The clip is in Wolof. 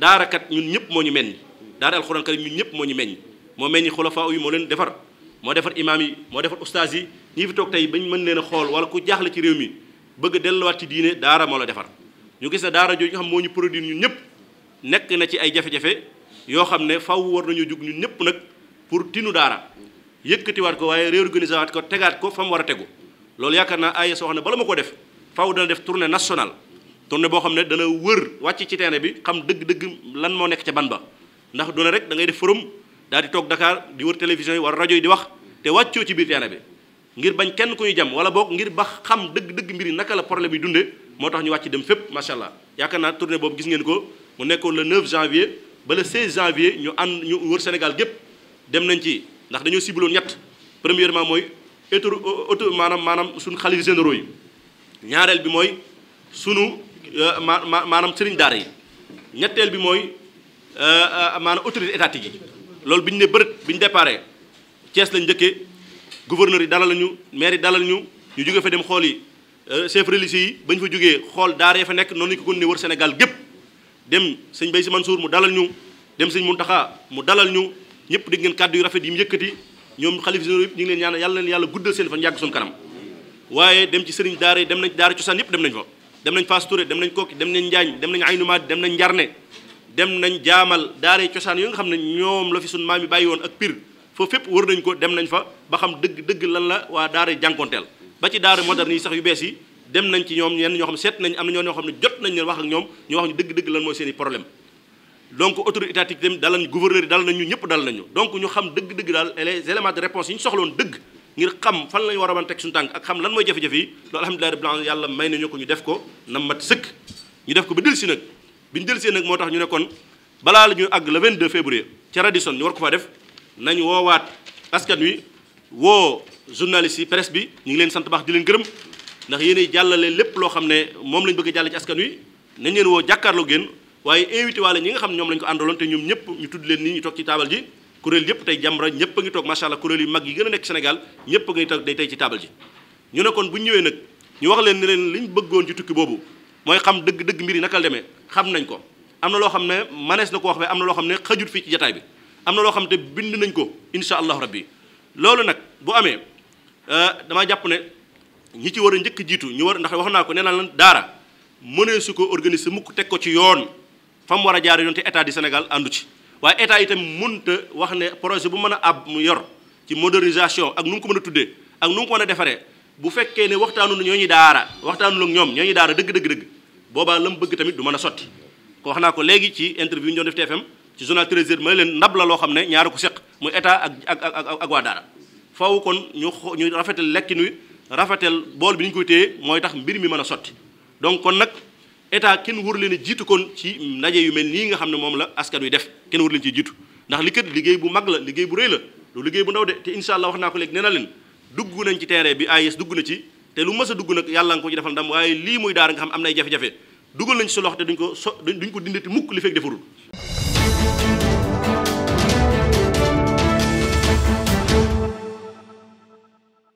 daarakat ñun ñëpp moo ñu mel meññ daara alxuraan karim ñun ñëpp moo ñu meññ moo meññ faw yi moo leen defar moo defar imaam yi moo defar ustaas yi ñii fi toog tey bañ mën leen a xool wala ku jaaxle ci réew mi bëgg delluwaat ci diine daara moo la defar ñu gis ne daara jooju nga xam moo ñu produire ñun ñëpp nekk na ci ay jafe yoo xam ne faw war nañu jug ñun ñëpp nag pour tinu daara yëkkatiwaat ko waaye réorganiser waat ko tegaat ko fa mu war a tegu loolu yaakaar naa ay soo xam ne bala ma ko def faw dana def tournée nationale tournée boo xam ne dana wër wàcc ci terrain bi xam dëgg-dëgg lan moo nekk ca ban ba ndax du ne rek da ngay def forum daal di toog dakaar di wër télévision yi war rajo yi di wax te wàccoo ci biir terrain bi ngir bañ kenn ku jam wala boog ngir ba xam dëgg-dëgg mbir yi naka la problème yi dundee moo tax ñu wàcc dem fépp macha allah yaakaar naa tournée boobu gis ngeen ko mu nekkoon le 9 janvier ba le 16 janvier ñu ànd ñu wër Sénégal gépp dem nañ ci ndax dañoo cibloon ñett premièrement mooy autour autour maanaam maanaam suñu xalif généraux yi ñaareel bi mooy sunu Euh, ma maanaam sëriñ daara yi ñetteel bi mooy euh, euh, maanaam autorité étatique yi loolu bi ñu ne bërët bi ñu déparé Thiès lañ njëkkee gouverneur yi dalal ñu maire yi dalal ñu ñu jóge fa dem xool yi chef religieux yi ba ñu fa jógee xool daara ya fa nekk noonu lañu ko gën ne wër Sénégal gépp dem sëñ Bay Si Mansour mu dalal ñu dem sëñ Muntaxa mu dalal ñu ñëpp dégg ngeen kàddu yu rafet yi mu yëkkati ñoom xalif généraux yëpp ñu ngi leen ñaanal yàlla leen yàlla guddal seen fan yàgg suñu kanam dem ci sëriñ daara yi dem nañ daara cosaan yëpp dem nañ fa dem nañ fas Touré dem nañ Kokki dem nañ njañ dem nañ Aynumaat dem nañ Njarne dem nañ jaamal daara ciosan yu nga xamne ne ñoom la fi sun mami yi won ak pir fo fep wër nañ ko dem nañ fa ba xam deug deug lan la wa daara jankontel ba ci daara moderne yi sax yu bees yi dem nañ ci ñoom ñen ño xam set nañ am na ñoo ño xam ne jot nañ ñu wax ak ñoom ñu wax ñu deug deug lan mo seeni problème donc autorité étatique dem dal nañ gouverneur dal nañ ñu ñëpp dal nañu donc ñu xam deug deug dal les éléments de réponse yi ñu soxlon deug ngir xam fan lañu war a mën teg tànk ak xam lan mooy jafe-jafe yi loolu alhamdulilah rabbil alamin yàlla may nañu ko ñu def ko na mat sëkk ñu def ko ba si nag bi ñu delsee nag moo tax ñu ne kon balaa la ñu àgg le 22 février ca Radisson ñu war ko faa def nañ woowaat askan wi woo journaliste yi presse bi ñu ngi leen sant baax di leen gërëm ndax yéenay jàllale lépp loo xam ne moom lañ bëgg jàll ci askan wi nañ leen woo jàkkaarloo génn waaye invité waale ñi nga xam ne ñoom lañ ko ñëpp ñu tudd leen nii ñu toog ci taabal ji kuréel yëpp tey Jamra ñëpp ngi toog macha allah kuréel yu mag yi gën a nekk Sénégal ñëpp a ngi toog day tey ci taabal ji ñu ne kon bu ñëwee nag ñu wax leen ne leen liñ bëggoon ci tukki boobu mooy xam dëgg dëgg mbir yi naka la demee xam nañ ko am na loo xam ne manees na ko wax be am na loo xam ne xajut fii ci jataay bi am na loo xam te bind nañ ko insha allahu rabbi loolu nag bu amee euh, damaa jàpp ne ñi ci war a njëkk jiitu ñu war ndax wax naa ko nee naa lan daara mënee su ko organiser mukk teg ko ci yoon fa war a jaar yoon te état du Sénégal àndu ci waaye état itam mënta wax ne projet bu mën a ab mu yor ci modernisation ak nu mu ko mën a tuddee ak nu mu ko mën a defaree bu fekkee ne waxtaanu ñoo ñuy daara waxtaanu ak ñoom ñoo ñuy daara dëgg dëgg dëgg boobaa la mu bëgg tamit du mën a sotti ko wax naa ko léegi ci interview ñu doon def TFM ci journal 13h leen ndab la loo xam ne ñaar ko seq muy état ak ak ak ak waa daara faaw kon ñu ñu rafetal lekk wi rafetal bool bi ni ñu koy téye mooy tax mbir mi mën a sotti donc kon nag état kenn wër leen a jiitu kon ci ndaje yu mel nii nga xam ne moom la askan wi def kenn wër leen ci jiitu ndax li kat liggéey bu mag la liggéey bu rëy la lu liggéey bu ndaw de te incha allah wax naa ko léegi nee na leen dugg nañ ci terrain bi AIS dugg na ci te lu mës a dugg nag yàlla nga ko ci defal ndam waaye lii muy daara nga xam am nay jafe-jafe dugal nañ si loxo te duñ ko so duñ ko dindati mukk li fekk defarul